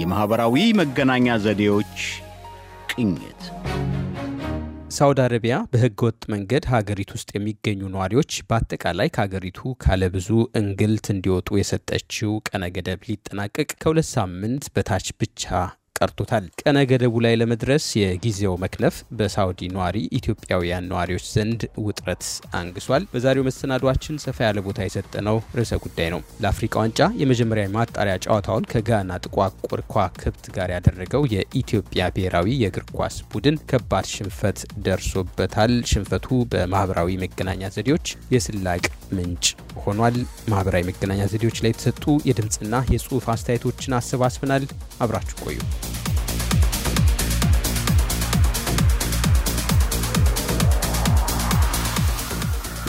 የማኅበራዊ መገናኛ ዘዴዎች ቅኝት። ሳውዲ አረቢያ በሕገ ወጥ መንገድ ሀገሪቱ ውስጥ የሚገኙ ነዋሪዎች በአጠቃላይ ከሀገሪቱ ካለብዙ እንግልት እንዲወጡ የሰጠችው ቀነ ገደብ ሊጠናቀቅ ከሁለት ሳምንት በታች ብቻ ቀርቶታል። ቀነ ገደቡ ላይ ለመድረስ የጊዜው መክለፍ በሳውዲ ነዋሪ ኢትዮጵያውያን ነዋሪዎች ዘንድ ውጥረት አንግሷል። በዛሬው መሰናዷችን ሰፋ ያለ ቦታ የሰጠነው ርዕሰ ጉዳይ ነው። ለአፍሪካ ዋንጫ የመጀመሪያ ማጣሪያ ጨዋታውን ከጋና ጥቋቁር ከዋክብት ጋር ያደረገው የኢትዮጵያ ብሔራዊ የእግር ኳስ ቡድን ከባድ ሽንፈት ደርሶበታል። ሽንፈቱ በማህበራዊ መገናኛ ዘዴዎች የስላቅ ምንጭ ሆኗል። ማህበራዊ መገናኛ ዘዴዎች ላይ የተሰጡ የድምፅና የጽሁፍ አስተያየቶችን አሰባስበናል። አብራችሁ ቆዩ።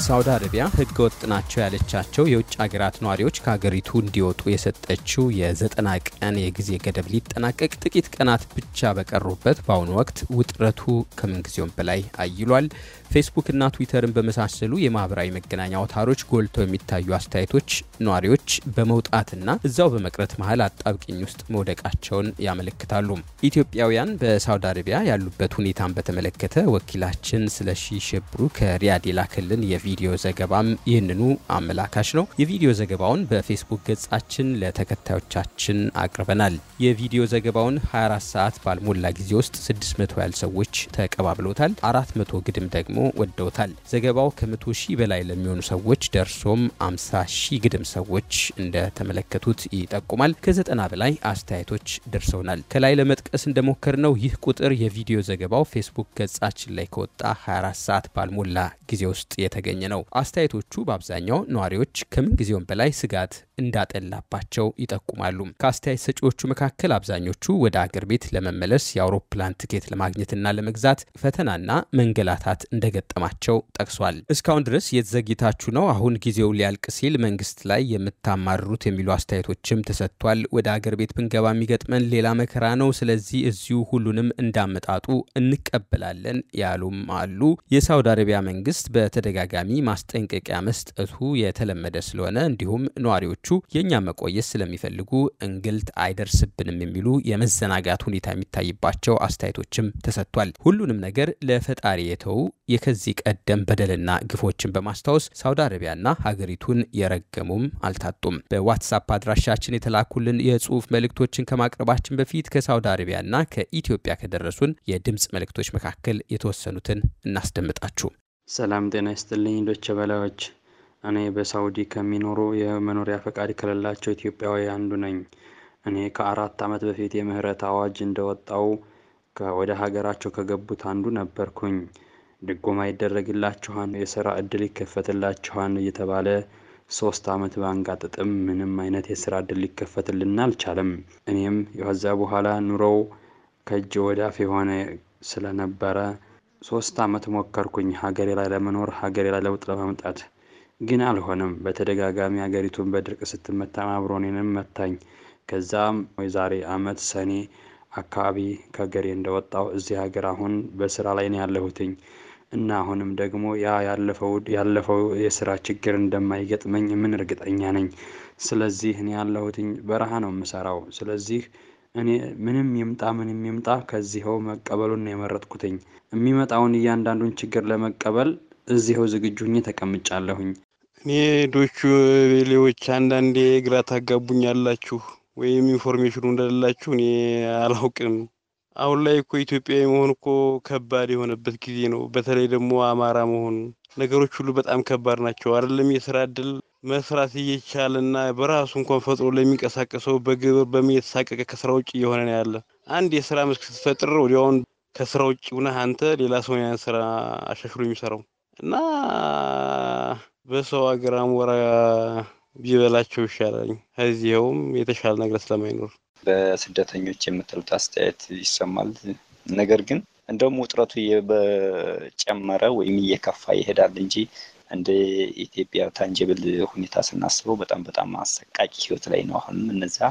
ሳውዲ አረቢያ ወጥ ናቸው ያለቻቸው የውጭ ሀገራት ነዋሪዎች ከሀገሪቱ እንዲወጡ የሰጠችው የዘጠና ቀን የጊዜ ገደብ ሊጠናቀቅ ጥቂት ቀናት ብቻ በቀሩበት በአሁኑ ወቅት ውጥረቱ ከምንጊዜውም በላይ አይሏል። ፌስቡክ እና ትዊተርን በመሳሰሉ የማህበራዊ መገናኛ አውታሮች ጎልተው የሚታዩ አስተያየቶች ነዋሪዎች በመውጣትና እዛው በመቅረት መሀል አጣብቂኝ ውስጥ መውደቃቸውን ያመለክታሉ። ኢትዮጵያውያን በሳውዲ አረቢያ ያሉበት ሁኔታን በተመለከተ ወኪላችን ስለሺ ሽብሩ ከሪያድ የላከልን የቪዲዮ ዘገባም ይህንኑ አመላካሽ ነው። የቪዲዮ ዘገባውን በፌስቡክ ገጻችን ለተከታዮቻችን አቅርበናል። የቪዲዮ ዘገባውን 24 ሰዓት ባልሞላ ጊዜ ውስጥ 600 ያህል ሰዎች ተቀባብለውታል። 400 ግድም ደግሞ ደግሞ ወደውታል። ዘገባው ከመቶ ሺህ በላይ ለሚሆኑ ሰዎች ደርሶም አምሳ ሺህ ግድም ሰዎች እንደተመለከቱት ይጠቁማል። ከዘጠና በላይ አስተያየቶች ደርሰውናል። ከላይ ለመጥቀስ እንደሞከር ነው ይህ ቁጥር የቪዲዮ ዘገባው ፌስቡክ ገጻችን ላይ ከወጣ 24 ሰዓት ባልሞላ ጊዜ ውስጥ የተገኘ ነው። አስተያየቶቹ በአብዛኛው ነዋሪዎች ከምን ጊዜውም በላይ ስጋት እንዳጠላባቸው ይጠቁማሉ። ከአስተያየት ሰጪዎቹ መካከል አብዛኞቹ ወደ አገር ቤት ለመመለስ የአውሮፕላን ትኬት ለማግኘትና ለመግዛት ፈተናና መንገላታት እንደገጠማቸው ጠቅሷል። እስካሁን ድረስ የተዘግይታችሁ ነው፣ አሁን ጊዜው ሊያልቅ ሲል መንግስት ላይ የምታማርሩት የሚሉ አስተያየቶችም ተሰጥቷል። ወደ አገር ቤት ብንገባ የሚገጥመን ሌላ መከራ ነው። ስለዚህ እዚሁ ሁሉንም እንዳመጣጡ እንቀበላለን ያሉም አሉ። የሳውዲ አረቢያ መንግስት በተደጋጋሚ ማስጠንቀቂያ መስጠቱ የተለመደ ስለሆነ እንዲሁም ነዋሪዎች ተማሪዎቹ የእኛ መቆየት ስለሚፈልጉ እንግልት አይደርስብንም የሚሉ የመዘናጋት ሁኔታ የሚታይባቸው አስተያየቶችም ተሰጥቷል። ሁሉንም ነገር ለፈጣሪ የተው የከዚህ ቀደም በደልና ግፎችን በማስታወስ ሳውዲ አረቢያና ሀገሪቱን የረገሙም አልታጡም። በዋትሳፕ አድራሻችን የተላኩልን የጽሁፍ መልእክቶችን ከማቅረባችን በፊት ከሳውዲ አረቢያና ከኢትዮጵያ ከደረሱን የድምፅ መልእክቶች መካከል የተወሰኑትን እናስደምጣችሁ። ሰላም ጤና ይስጥልኝ ዶቸ በላዎች እኔ በሳውዲ ከሚኖሩ የመኖሪያ ፈቃድ ከሌላቸው ኢትዮጵያዊ አንዱ ነኝ። እኔ ከአራት ዓመት በፊት የምህረት አዋጅ እንደወጣው ወደ ሀገራቸው ከገቡት አንዱ ነበርኩኝ። ድጎማ ይደረግላችኋል፣ የስራ እድል ይከፈትላችኋል እየተባለ ሶስት አመት ባንጋጥጥም ምንም አይነት የስራ እድል ሊከፈትልን አልቻለም። እኔም ከዛ በኋላ ኑሮው ከእጅ ወዳፍ የሆነ ስለነበረ ሶስት አመት ሞከርኩኝ ሀገሬ ላይ ለመኖር ሀገሬ ላይ ለውጥ ለማምጣት ግን አልሆነም። በተደጋጋሚ ሀገሪቱን በድርቅ ስትመታ አብሮኔንም መታኝ። ከዛም የዛሬ አመት ሰኔ አካባቢ ከገሬ እንደወጣው እዚህ ሀገር አሁን በስራ ላይ ነው ያለሁትኝ እና አሁንም ደግሞ ያ ያለፈው የስራ ችግር እንደማይገጥመኝ ምን እርግጠኛ ነኝ። ስለዚህ እኔ ያለሁትኝ በረሃ ነው የምሰራው። ስለዚህ እኔ ምንም ይምጣ ምንም ይምጣ ከዚኸው መቀበሉን ነው የመረጥኩትኝ። የሚመጣውን እያንዳንዱን ችግር ለመቀበል እዚኸው ዝግጁ ሆኜ ተቀምጫለሁኝ። እኔ ዶቹ ቤሌዎች አንዳንዴ ግራ ታጋቡኛላችሁ ወይም ኢንፎርሜሽኑ እንደሌላችሁ እኔ አላውቅም። አሁን ላይ እኮ ኢትዮጵያዊ መሆን እኮ ከባድ የሆነበት ጊዜ ነው። በተለይ ደግሞ አማራ መሆን ነገሮች ሁሉ በጣም ከባድ ናቸው። አይደለም የስራ እድል መስራት እየቻለና በራሱ እንኳን ፈጥሮ ለሚንቀሳቀሰው በግብር በሚየተሳቀቀ ከስራ ውጭ እየሆነ ነው ያለ። አንድ የስራ መስክ ስትፈጥር ወዲያውን ከስራ ውጭ ሁነህ አንተ ሌላ ሰውን ያን ስራ አሻሽሎ የሚሰራው እና በሰው ሀገር አሞራ ቢበላቸው ይሻላል፣ ከዚያውም የተሻለ ነገር ስለማይኖር። በስደተኞች የምትሉት አስተያየት ይሰማል። ነገር ግን እንደውም ውጥረቱ እየጨመረ ወይም እየከፋ ይሄዳል እንጂ እንደ ኢትዮጵያ ታንጀብል ሁኔታ ስናስበው በጣም በጣም አሰቃቂ ህይወት ላይ ነው። አሁንም እነዚያ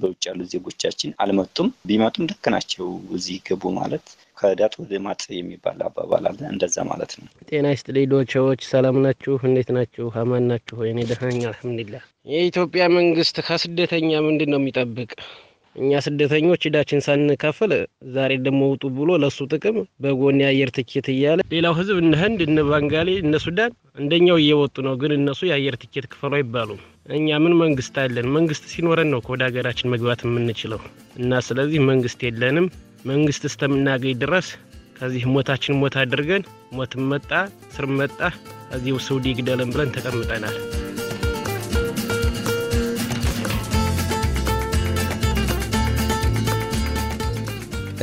በውጭ ያሉ ዜጎቻችን አልመጡም። ቢመጡም ልክ ናቸው። እዚህ ገቡ ማለት ከዳት ወደ ማጥ የሚባል አባባል አለ። እንደዛ ማለት ነው። ጤና ይስጥልኝ ዶቸዎች፣ ሰላም ናችሁ? እንዴት ናችሁ? አማን ናችሁ? እኔ ደህና ነኝ አልሐምዱሊላህ። የኢትዮጵያ መንግስት ከስደተኛ ምንድን ነው የሚጠብቅ? እኛ ስደተኞች ዕዳችን ሳንከፍል ዛሬ ደግሞ ውጡ ብሎ ለሱ ጥቅም በጎን የአየር ትኬት እያለ ሌላው ህዝብ እነ ህንድ እነ ባንጋሊ እነ ሱዳን እንደኛው እየወጡ ነው። ግን እነሱ የአየር ትኬት ክፈሉ አይባሉም። እኛ ምን መንግስት አለን? መንግስት ሲኖረን ነው ከወደ ሀገራችን መግባት የምንችለው እና ስለዚህ መንግስት የለንም። መንግስት እስተምናገኝ ድረስ ከዚህ ሞታችን ሞት አድርገን ሞትም መጣ ስር መጣ ከዚህ ሰውዲ ግደለን ብለን ተቀምጠናል።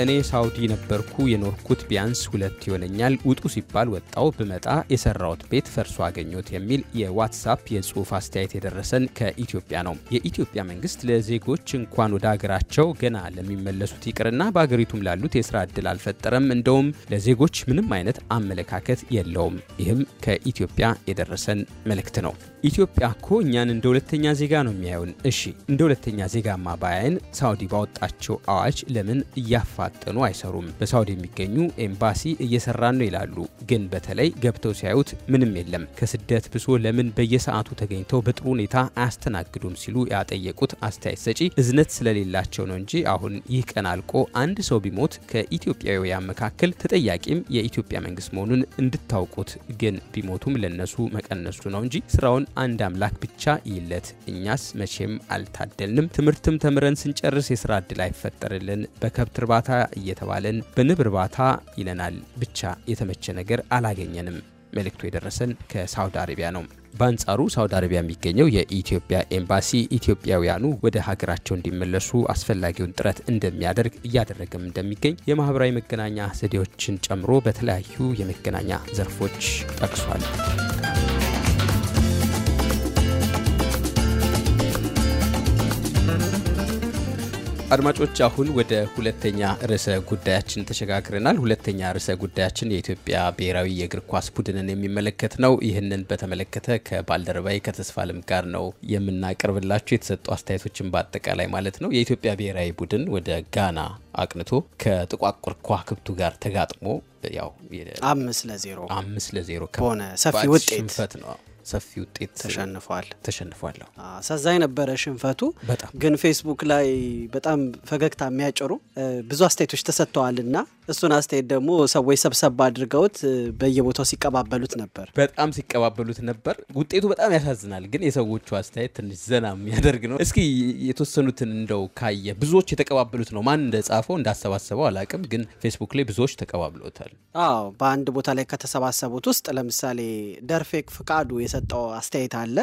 እኔ ሳውዲ ነበርኩ የኖርኩት ቢያንስ ሁለት ይሆነኛል። ውጡ ሲባል ወጣው ብመጣ የሰራውት ቤት ፈርሶ አገኘት የሚል የዋትሳፕ የጽሁፍ አስተያየት የደረሰን ከኢትዮጵያ ነው። የኢትዮጵያ መንግስት ለዜጎች እንኳን ወደ ሀገራቸው ገና ለሚመለሱት ይቅርና በሀገሪቱም ላሉት የስራ እድል አልፈጠረም። እንደውም ለዜጎች ምንም አይነት አመለካከት የለውም። ይህም ከኢትዮጵያ የደረሰን መልእክት ነው። ኢትዮጵያ እኮ እኛን እንደ ሁለተኛ ዜጋ ነው የሚያዩን። እሺ እንደ ሁለተኛ ዜጋማ ባያይን ሳውዲ ባወጣቸው አዋጅ ለምን እያፋ ሳያፋጥኑ አይሰሩም። በሳውዲ የሚገኙ ኤምባሲ እየሰራን ነው ይላሉ። ግን በተለይ ገብተው ሲያዩት ምንም የለም። ከስደት ብሶ ለምን በየሰዓቱ ተገኝተው በጥሩ ሁኔታ አያስተናግዱም? ሲሉ ያጠየቁት አስተያየት ሰጪ እዝነት ስለሌላቸው ነው እንጂ አሁን ይህ ቀን አልቆ አንድ ሰው ቢሞት ከኢትዮጵያውያን መካከል ተጠያቂም የኢትዮጵያ መንግስት መሆኑን እንድታውቁት፣ ግን ቢሞቱም ለነሱ መቀነሱ ነው እንጂ ስራውን አንድ አምላክ ብቻ ይለት። እኛስ መቼም አልታደልንም። ትምህርትም ተምረን ስንጨርስ የስራ እድል አይፈጠርልን። በከብት እርባታ እየተባለን በንብ እርባታ ይለናል ብቻ የተመቸ ነገር አላገኘንም። መልእክቱ የደረሰን ከሳውዲ አረቢያ ነው። በአንጻሩ ሳውዲ አረቢያ የሚገኘው የኢትዮጵያ ኤምባሲ ኢትዮጵያውያኑ ወደ ሀገራቸው እንዲመለሱ አስፈላጊውን ጥረት እንደሚያደርግ እያደረገም እንደሚገኝ የማህበራዊ መገናኛ ዘዴዎችን ጨምሮ በተለያዩ የመገናኛ ዘርፎች ጠቅሷል። አድማጮች አሁን ወደ ሁለተኛ ርዕሰ ጉዳያችን ተሸጋግረናል። ሁለተኛ ርዕሰ ጉዳያችን የኢትዮጵያ ብሔራዊ የእግር ኳስ ቡድንን የሚመለከት ነው። ይህንን በተመለከተ ከባልደረባይ ከተስፋልም ጋር ነው የምናቀርብላቸው የተሰጡ አስተያየቶችን በአጠቃላይ ማለት ነው። የኢትዮጵያ ብሔራዊ ቡድን ወደ ጋና አቅንቶ ከጥቋቁር ኳክብቱ ጋር ተጋጥሞ ያው አምስት ለዜሮ አምስት ለዜሮ ከሆነ ሰፊ ውጤት ሽንፈት ነው ሰፊ ውጤት ተሸንፏል ተሸንፏለሁ አሳዛኝ ነበረ ሽንፈቱ። ግን ፌስቡክ ላይ በጣም ፈገግታ የሚያጭሩ ብዙ አስተያየቶች ተሰጥተዋል እና እሱን አስተያየት ደግሞ ሰዎች ሰብሰብ አድርገውት በየቦታው ሲቀባበሉት ነበር። በጣም ሲቀባበሉት ነበር። ውጤቱ በጣም ያሳዝናል፣ ግን የሰዎቹ አስተያየት ትንሽ ዘና የሚያደርግ ነው። እስኪ የተወሰኑትን እንደው ካየ ብዙዎች የተቀባበሉት ነው። ማን እንደጻፈው እንዳሰባሰበው አላቅም፣ ግን ፌስቡክ ላይ ብዙዎች ተቀባብለውታል። አዎ፣ በአንድ ቦታ ላይ ከተሰባሰቡት ውስጥ ለምሳሌ ደርፌክ ፍቃዱ የሰጠው አስተያየት አለ።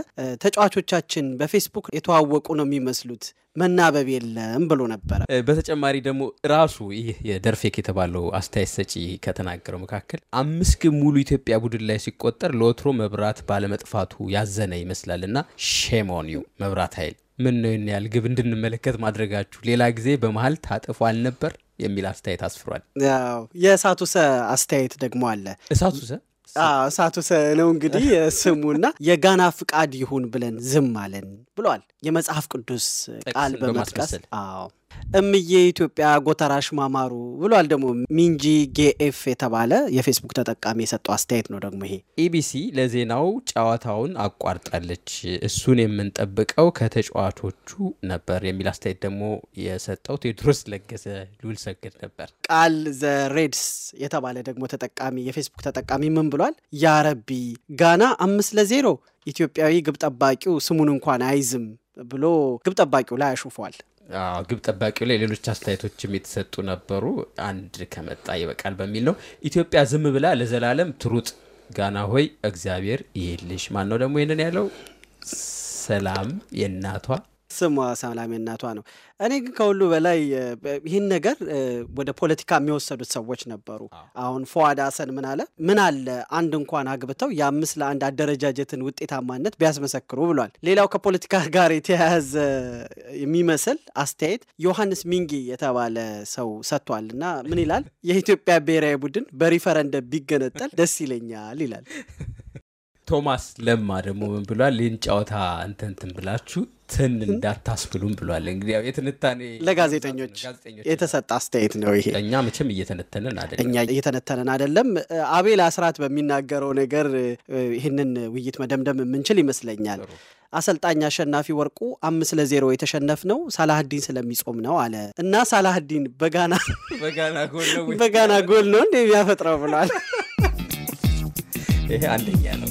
ተጫዋቾቻችን በፌስቡክ የተዋወቁ ነው የሚመስሉት መናበብ የለም ብሎ ነበረ። በተጨማሪ ደግሞ ራሱ ይህ የደርፌክ የተባለው አስተያየት ሰጪ ከተናገረው መካከል አምስት ግብ ሙሉ ኢትዮጵያ ቡድን ላይ ሲቆጠር ለወትሮ መብራት ባለመጥፋቱ ያዘነ ይመስላል እና ሼሞኒው መብራት ኃይል ምን ነው ይህን ያህል ግብ እንድንመለከት ማድረጋችሁ? ሌላ ጊዜ በመሀል ታጥፎ አልነበር የሚል አስተያየት አስፍሯል። የእሳቱሰ አስተያየት ደግሞ አለ። እሳቱሰ ሳቱሰ ነው እንግዲህ ስሙና የጋና ፍቃድ ይሁን ብለን ዝም አለን ብለዋል። የመጽሐፍ ቅዱስ ቃል በመጥቀስ አዎ እምዬ ኢትዮጵያ ጎተራሽ ማማሩ ብሏል። ደግሞ ሚንጂ ጌኤፍ የተባለ የፌስቡክ ተጠቃሚ የሰጠው አስተያየት ነው። ደግሞ ይሄ ኢቢሲ ለዜናው ጨዋታውን አቋርጣለች፣ እሱን የምንጠብቀው ከተጫዋቾቹ ነበር የሚል አስተያየት ደግሞ የሰጠው ቴዎድሮስ ለገሰ ሉል ሰገድ ነበር። ቃል ዘ ሬድስ የተባለ ደግሞ ተጠቃሚ የፌስቡክ ተጠቃሚ ምን ብሏል? ያረቢ ጋና አምስት ለዜሮ ኢትዮጵያዊ ግብ ጠባቂው ስሙን እንኳን አይዝም ብሎ ግብ ጠባቂው ላይ አሹፏል። ግብ ጠባቂው ላይ ሌሎች አስተያየቶችም የተሰጡ ነበሩ። አንድ ከመጣ ይበቃል በሚል ነው። ኢትዮጵያ ዝም ብላ ለዘላለም ትሩጥ። ጋና ሆይ እግዚአብሔር ይሄልሽ። ማን ነው ደግሞ ይህንን ያለው? ሰላም የእናቷ ስሟ ሰላሜ እናቷ ነው። እኔ ግን ከሁሉ በላይ ይህን ነገር ወደ ፖለቲካ የሚወሰዱት ሰዎች ነበሩ። አሁን ፎዋድ አሰን ምን አለ ምን አለ አንድ እንኳን አግብተው የአምስት ለአንድ አደረጃጀትን ውጤታማነት ቢያስመሰክሩ ብሏል። ሌላው ከፖለቲካ ጋር የተያያዘ የሚመስል አስተያየት ዮሐንስ ሚንጊ የተባለ ሰው ሰጥቷል እና ምን ይላል? የኢትዮጵያ ብሔራዊ ቡድን በሪፈረንደም ቢገነጠል ደስ ይለኛል ይላል። ቶማስ ለማ ደግሞ ምን ብሏል? ይህን ጨዋታ እንትንትን ብላችሁ ትን እንዳታስብሉም ብሏል። እንግዲህ የትንታኔ ለጋዜጠኞች የተሰጠ አስተያየት ነው ይሄ። እኛ መቼም እየተነተነን አደለም፣ እኛ እየተነተነን አደለም። አቤል አስራት በሚናገረው ነገር ይህንን ውይይት መደምደም የምንችል ይመስለኛል። አሰልጣኝ አሸናፊ ወርቁ አምስት ለዜሮ የተሸነፍ ነው ሳላህዲን ስለሚጾም ነው አለ እና ሳላህዲን በጋና በጋና ጎል ነው እንደ የሚያፈጥረው ብሏል። ይሄ አንደኛ ነው።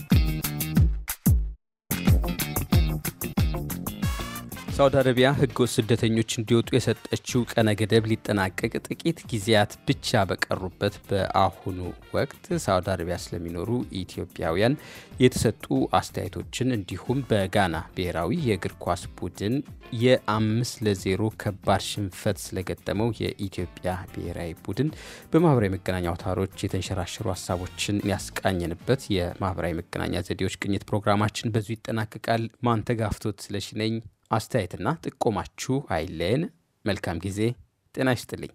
ሳውዲ አረቢያ ህገወጥ ስደተኞች እንዲወጡ የሰጠችው ቀነ ገደብ ሊጠናቀቅ ጥቂት ጊዜያት ብቻ በቀሩበት በአሁኑ ወቅት ሳውዲ አረቢያ ስለሚኖሩ ኢትዮጵያውያን የተሰጡ አስተያየቶችን እንዲሁም በጋና ብሔራዊ የእግር ኳስ ቡድን የአምስት ለዜሮ ከባድ ሽንፈት ስለገጠመው የኢትዮጵያ ብሔራዊ ቡድን በማህበራዊ መገናኛ አውታሮች የተንሸራሸሩ ሀሳቦችን ያስቃኘንበት የማህበራዊ መገናኛ ዘዴዎች ቅኝት ፕሮግራማችን በዙ ይጠናቀቃል። ማንተጋፍቶት ስለሽነኝ አስተያየትና ጥቆማችሁ አይለን መልካም ጊዜ። ጤና ይስጥልኝ።